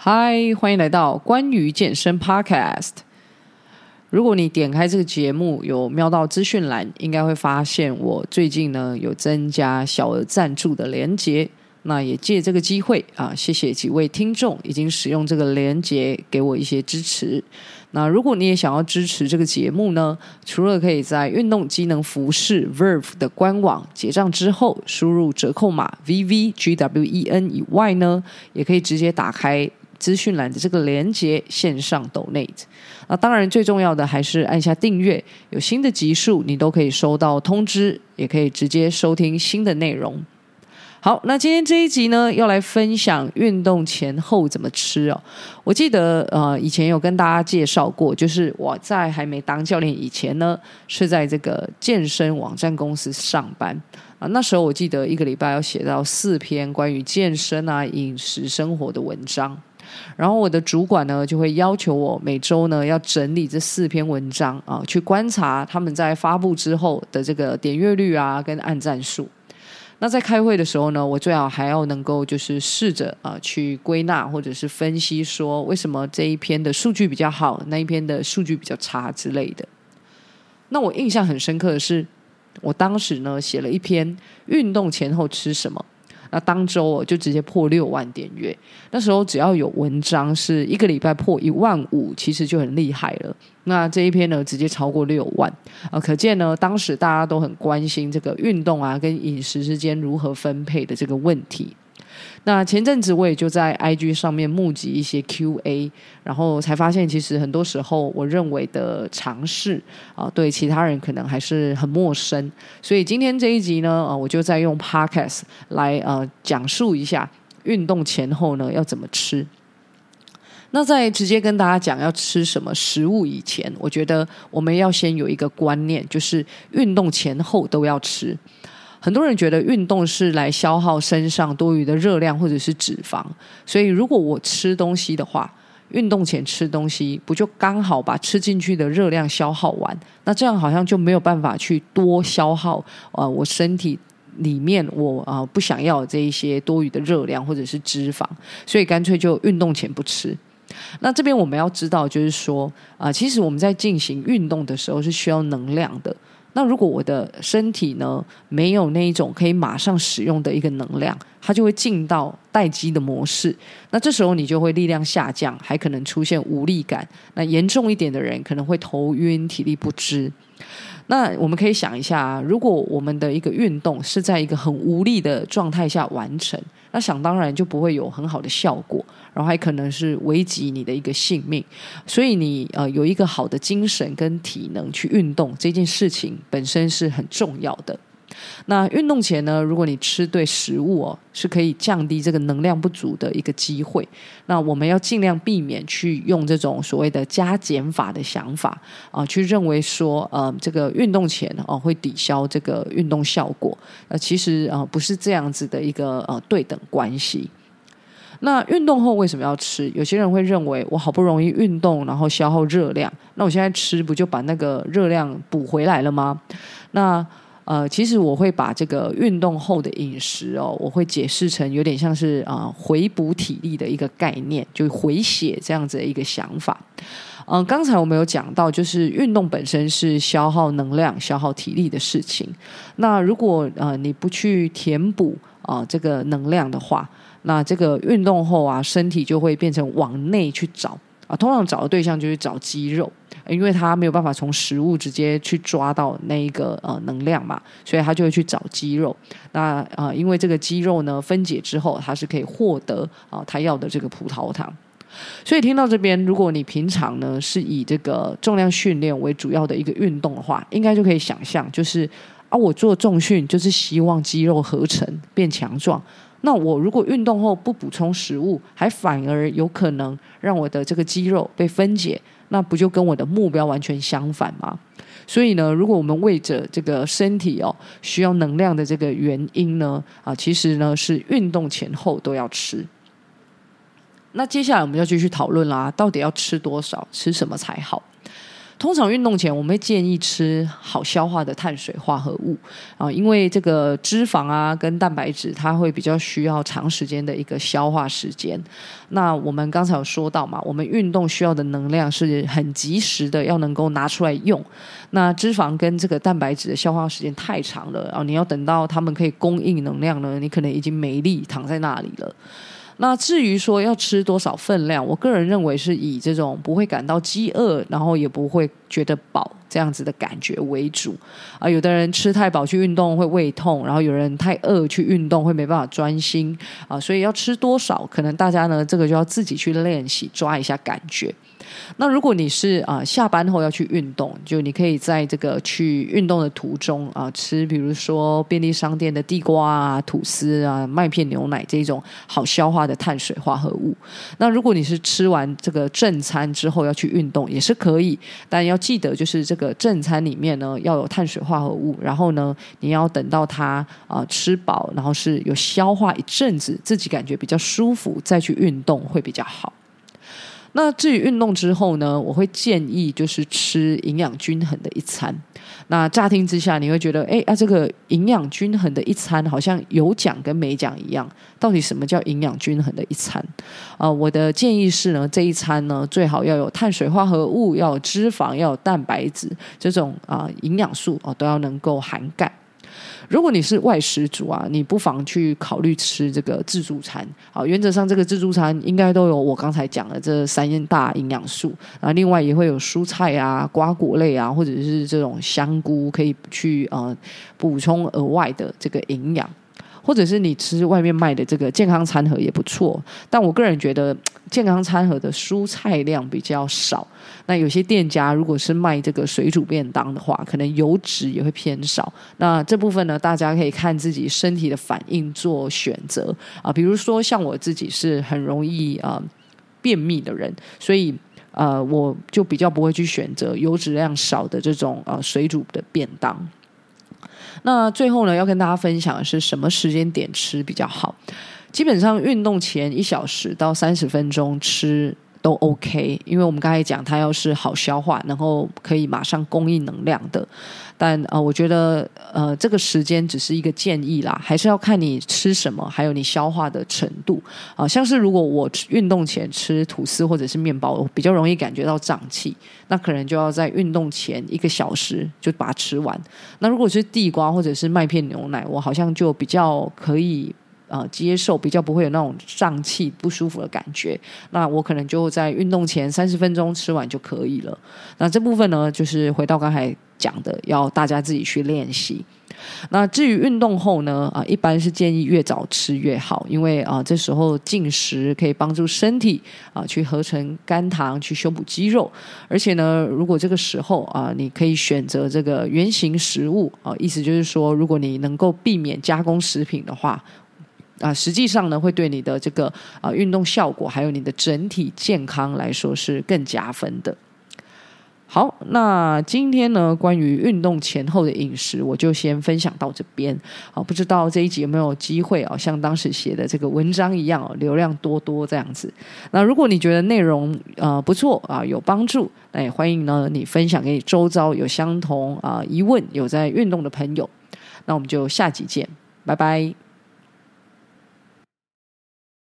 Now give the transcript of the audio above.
嗨，歡迎來到關於健身 Podcast。如果你點開這個節目，有瞄到資訊欄，應該會發現我最近呢有增加小額贊助的連結。那也借這個機會啊，謝謝幾位聽眾已經使用這個連結給我一些支持。那如果你也想要支持這個節目呢，除了可以在運動機能服飾 Verve 的官網結賬之後輸入折扣碼 VVGWEN 以外呢，也可以直接打開。資訊欄的這個連接，線上 donate。那當然最重要的還是按下訂閱，有新的集數你都可以收到通知，也可以直接收聽新的內容。好，那今天這一集呢，要來分享運動前後怎麼吃哦。我記得呃，以前有跟大家介紹過，就是我在還沒當教練以前呢，是在這個健身網站公司上班啊。那時候我記得一個禮拜要寫到四篇關於健身啊、飲食生活的文章。然後我的主管呢，就會要求我每周呢要整理這四篇文章啊、呃，去觀察他們在發布之後的這個點閱率啊，跟按讚數。那在開會的時候呢，我最好還要能夠就是試着啊、呃，去歸納或者是分析，說為什麼這一篇的數據比較好，那一篇的數據比較差之類的。那我印象很深刻的是，我當時呢寫了一篇運動前後吃什麼。那當週哦，就直接破六萬點閱。那時候只要有文章是一個禮拜破一萬五，其實就很厲害了。那這一篇呢，直接超過六萬啊，可見呢，當時大家都很關心這個運動啊跟飲食之間如何分配的這個問題。那前陣子我也就在 IG 上面募集一些 QA，然後才發現其實很多時候我認為的常識啊、呃，對其他人可能還是很陌生。所以今天這一集呢，啊、呃，我就在用 Podcast 來呃講述一下運動前後呢要怎麼吃。那在直接跟大家講要吃什麼食物以前，我覺得我們要先有一個觀念，就是運動前後都要吃。很多人覺得運動是來消耗身上多餘的熱量或者是脂肪，所以如果我吃東西的話，運動前吃東西不就剛好把吃進去的熱量消耗完？那這樣好像就沒有辦法去多消耗啊、呃，我身體裡面我啊、呃、不想要這一些多餘的熱量或者是脂肪，所以乾脆就運動前不吃。那這邊我們要知道，就是說啊、呃，其實我們在進行運動的時候是需要能量的。那如果我的身體呢，沒有那一種可以馬上使用的一個能量，它就會進到待機的模式。那這時候你就會力量下降，還可能出現無力感。那嚴重一點的人可能會頭暈、體力不支。那我們可以想一下，如果我們的一個運動是在一個很無力的狀態下完成。那想當然就不會有很好的效果，然後還可能是危及你的一個性命。所以你，你呃有一個好的精神跟體能去運動，這件事情本身是很重要的。那運動前呢？如果你吃對食物哦，是可以降低這個能量不足的一個機會。那我們要儘量避免去用這種所謂的加減法的想法啊，呃，去認為說呃，這個運動前哦，呃，會抵消這個運動效果。那，呃，其實啊，呃，不是這樣子的一個呃對等關係。那運動後為什麼要吃？有些人會認為我好不容易運動，然後消耗熱量，那我現在吃不就把那個熱量補回來了嗎？那呃，其實我會把這個運動後的飲食哦，我會解釋成有點像是啊、呃、回補體力的一個概念，就回血這樣子的一個想法。嗯、呃，剛才我們有講到，就是運動本身是消耗能量、消耗體力的事情。那如果呃你不去填補啊、呃、這個能量的話，那這個運動後啊，身體就會變成往內去找啊，通常找的對象就是找肌肉。因為他沒有辦法從食物直接去抓到那一個呃能量嘛，所以他就會去找肌肉。那呃，因為這個肌肉呢分解之後，它是可以獲得啊、呃、他要的這個葡萄糖。所以聽到這邊，如果你平常呢是以這個重量訓練為主要的一個運動的話，應該就可以想象，就是啊我做重訓就是希望肌肉合成變強壯。那我如果運動後不補充食物，還反而有可能讓我的這個肌肉被分解，那不就跟我的目標完全相反嗎？所以呢，如果我們為着這個身體哦需要能量的這個原因呢，啊，其實呢是運動前後都要吃。那接下來我們要繼續討論啦、啊，到底要吃多少、吃什麼才好？通常運動前，我們會建議吃好消化的碳水化合物啊，因為這個脂肪啊跟蛋白質，它會比較需要長時間的一個消化時間。那我們剛才有說到嘛，我們運動需要的能量是很及時的，要能夠拿出來用。那脂肪跟這個蛋白質的消化時間太長了，然後、啊、你要等到它們可以供應能量呢，你可能已經沒力躺在那裡了。那至於說要吃多少分量，我個人認為是以這種不會感到飢餓，然後也不會覺得飽這樣子的感覺為主。啊，有的人吃太飽去運動會胃痛，然後有人太餓去運動會沒辦法專心。啊，所以要吃多少，可能大家呢，這個就要自己去練習，抓一下感覺。那如果你是啊下班後要去運動，就你可以在這個去運動的途中啊吃，比如說便利商店的地瓜啊、吐司啊、麥片牛奶這種好消化的碳水化合物。那如果你是吃完這個正餐之後要去運動也是可以，但要記得就是這個正餐裡面呢要有碳水化合物，然後呢你要等到它啊吃飽，然後是有消化一陣子，自己感覺比較舒服再去運動會比較好。那至於運動之後呢，我會建議就是吃營養均衡的一餐。那乍聽之下，你會覺得，哎、欸、啊，這個營養均衡的一餐好像有講跟沒講一樣。到底什麼叫營養均衡的一餐啊、呃？我的建議是呢，這一餐呢最好要有碳水化合物，要有脂肪，要有蛋白質，這種啊營養素啊、呃，都要能夠涵蓋。如果你是外食族啊，你不妨去考慮吃這個自助餐。好，原則上這個自助餐應該都有我剛才講的這三大營養素，啊，另外也會有蔬菜啊、瓜果類啊，或者是這種香菇，可以去呃補充額外的這個營養。或者是你吃外面賣的這個健康餐盒也不錯，但我個人覺得健康餐盒的蔬菜量比較少。那有些店家如果是賣這個水煮便當的話，可能油脂也會偏少。那這部分呢，大家可以看自己身體的反應做選擇啊、呃。比如說像我自己是很容易啊、呃、便秘的人，所以啊、呃、我就比較不會去選擇油脂量少的這種啊、呃、水煮的便當。那最後呢，要跟大家分享的是什麼時間點吃比較好？基本上運動前一小時到三十分鐘吃。都 OK，因為我們剛才講，它要是好消化，然後可以馬上供應能量的。但呃，我覺得呃，這個時間只是一個建議啦，還是要看你吃什麼，還有你消化的程度。啊、呃，像是如果我運動前吃吐司或者是麵包，我比較容易感覺到脹氣，那可能就要在運動前一個小時就把它吃完。那如果是地瓜或者是麥片牛奶，我好像就比較可以。啊、呃，接受比較不會有那種脹氣不舒服的感覺。那我可能就在運動前三十分鐘吃完就可以了。那這部分呢，就是回到剛才講的，要大家自己去練習。那至於運動後呢，啊、呃，一般是建議越早吃越好，因為啊、呃，這時候進食可以幫助身體啊、呃，去合成肝糖，去修補肌肉。而且呢，如果這個時候啊、呃，你可以選擇這個原型食物啊、呃，意思就是說，如果你能夠避免加工食品的話。啊，實際上呢，會對你的這個啊運動效果，還有你的整體健康來說是更加分的。好，那今天呢，關於運動前後的飲食，我就先分享到這邊。好、啊，不知道這一集有沒有機會啊，像當時寫的這個文章一樣、啊，流量多多這樣子。那如果你覺得內容啊、呃、不錯啊，有幫助，那也歡迎呢你分享給你周遭有相同啊疑問、有在運動的朋友。那我們就下集見，拜拜。